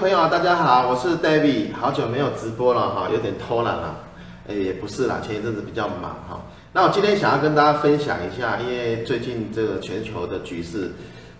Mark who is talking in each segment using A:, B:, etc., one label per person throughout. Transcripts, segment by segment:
A: 朋友啊，大家好，我是 David，好久沒有直播了哈，有點偷懶了，欸，也不是啦，前一陣子比較忙哈。那我今天想要跟大家分享一下，因為最近這個全球的局勢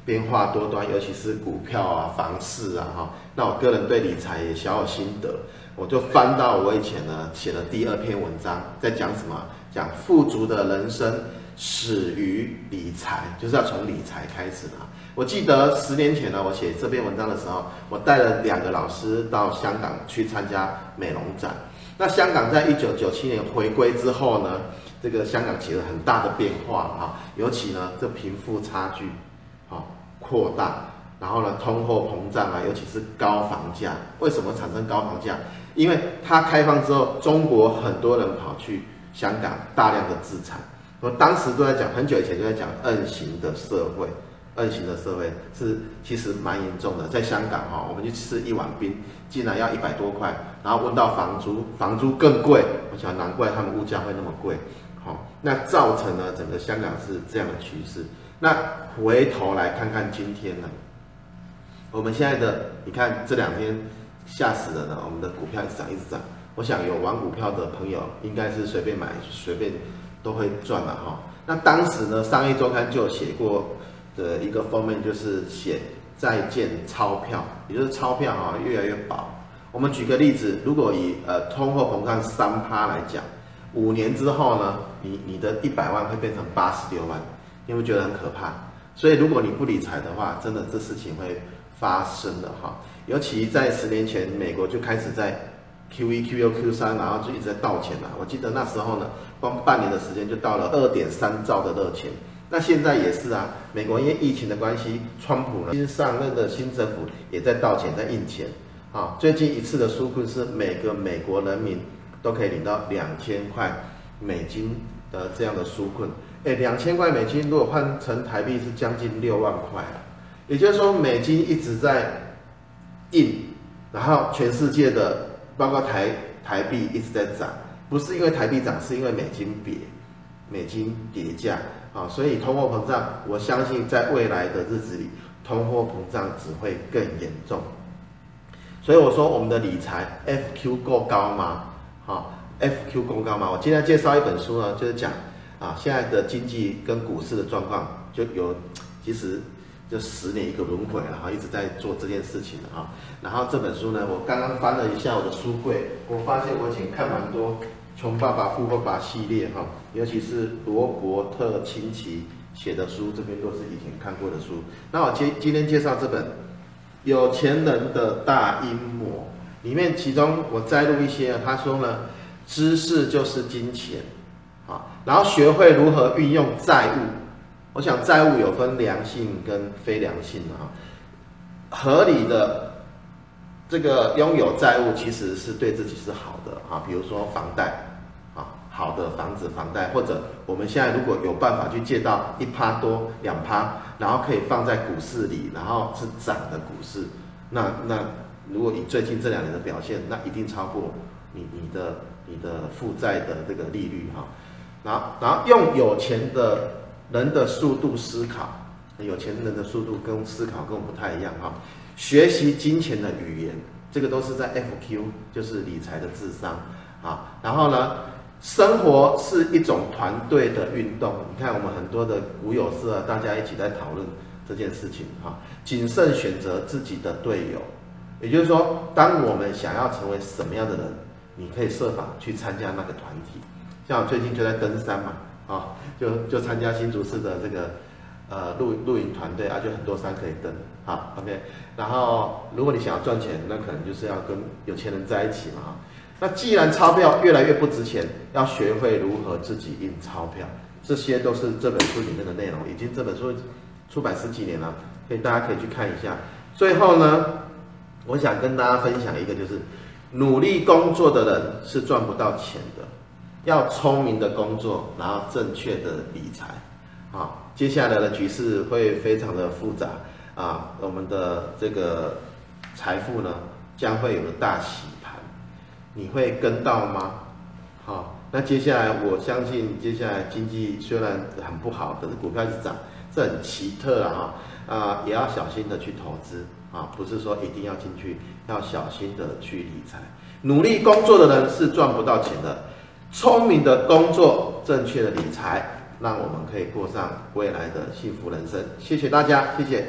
A: 變化多端，尤其是股票啊、房市啊哈。那我個人對理財也小有心得，我就翻到我以前呢寫的第二篇文章，在講什麼？講富足的人生。始於理財，就是要從理財開始啦。我記得十年前呢，我寫這篇文章的時候，我帶了兩個老師到香港去參加美容展。那香港在一九九七年回歸之後呢，這個香港起了很大的變化哈，尤其呢這貧富差距啊擴大，然後呢通貨膨脹啊，尤其是高房價。為什麼產生高房價？因為它開放之後，中國很多人跑去香港大量的資產。我當時都在講，很久以前就在講，畸形的社會，畸形的社會是其實蠻嚴重的。在香港哈，我們去吃一碗冰，竟然要一百多塊，然後問到房租，房租更貴。我想難怪他們物價會那麼貴。好，那造成了整個香港是這樣的趨勢。那回頭來看看今天呢，我們現在的你看這兩天嚇死人了，我們的股票一直漲，一直漲。我想有玩股票的朋友，應該是隨便買，隨便。都會賺了、啊、哈。那當時呢，商業周刊就寫過的一個封面，就是寫再見鈔票，也就是鈔票哈越來越薄。我們舉個例子，如果以呃通貨膨脹三趴來講，五年之後呢，你你的一百萬會變成八十六萬，你會覺得很可怕。所以如果你不理財的話，真的這事情會發生的哈。尤其在十年前，美國就開始在。Q 一 Q 二 Q 三，然後就一直在倒錢嘛。我記得那時候呢，光半年的時間就到了二點三兆的熱錢。那現在也是啊，美國因為疫情的關係，川普呢新上任的新政府也在倒錢，在印錢。啊，最近一次的紓困是每個美國人民都可以領到兩千塊美金的這樣的紓困。欸，兩千塊美金如果換成台幣是將近六萬塊啊。也就是說，美金一直在印，然後全世界的。包括台台幣一直在漲，不是因為台幣漲，是因為美金跌。美金跌價啊，所以通貨膨脹，我相信在未來的日子裡，通貨膨脹只會更嚴重。所以我說我們的理財 FQ 夠高嗎？好、啊、FQ 夠高嗎？我今天介紹一本書呢，就是講啊，現在的經濟跟股市的狀況就有其實。就十年一個輪回了哈，然後一直在做這件事情啊。然後這本書呢，我剛剛翻了一下我的書櫃，我發現我以前看蠻多《窮爸爸富爸爸》系列哈，尤其是羅伯特清崎寫的書，這邊都是以前看過的書。那我今天介紹這本《有錢人的大陰謀》，裡面其中我摘錄一些，他說呢，知識就是金錢啊，然後學會如何運用債務。我想債務有分良性跟非良性啊，合理的這個擁有債務其實是對自己是好的啊，比如說房貸啊，好的房子房貸，或者我們現在如果有辦法去借到一趴多兩趴，然後可以放在股市裡，然後是漲的股市，那那如果以最近這兩年的表現，那一定超過你你的你的負債的這個利率哈，然後然後用有錢的。人的速度思考，有錢人的速度跟思考跟我們不太一樣哈。學習金錢的語言，這個都是在 FQ，就是理財的智商啊。然後呢，生活是一種團隊的運動。你看我們很多的股友是啊，大家一起在討論這件事情哈。謹慎選擇自己的隊友，也就是說，當我們想要成為什麼樣的人，你可以設法去參加那個團體。像我最近就在登山嘛。啊，就就參加新竹市的這個，呃，露露營團隊啊，就很多山可以登。好，OK。然後，如果你想要賺錢，那可能就是要跟有錢人在一起嘛。那既然鈔票越來越不值錢，要學會如何自己印鈔票，這些都是這本書裡面的內容。已經這本書出版十幾年了，所以大家可以去看一下。最後呢，我想跟大家分享一個，就是努力工作的人是賺不到錢的。要聰明的工作，然後正確的理財，好，接下來的局勢會非常的複雜啊！我們的這個財富呢，將會有個大洗盤，你會跟到嗎？好，那接下來我相信，接下來經濟雖然很不好，可是股票一直漲，這很奇特啊！啊，也要小心的去投資啊，不是說一定要進去，要小心的去理財。努力工作的人是賺不到錢的。聰明的工作，正確的理財，讓我們可以過上未來的幸福人生。謝謝大家，謝謝。